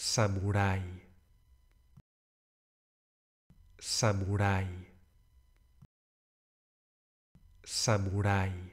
samurai samurai samurai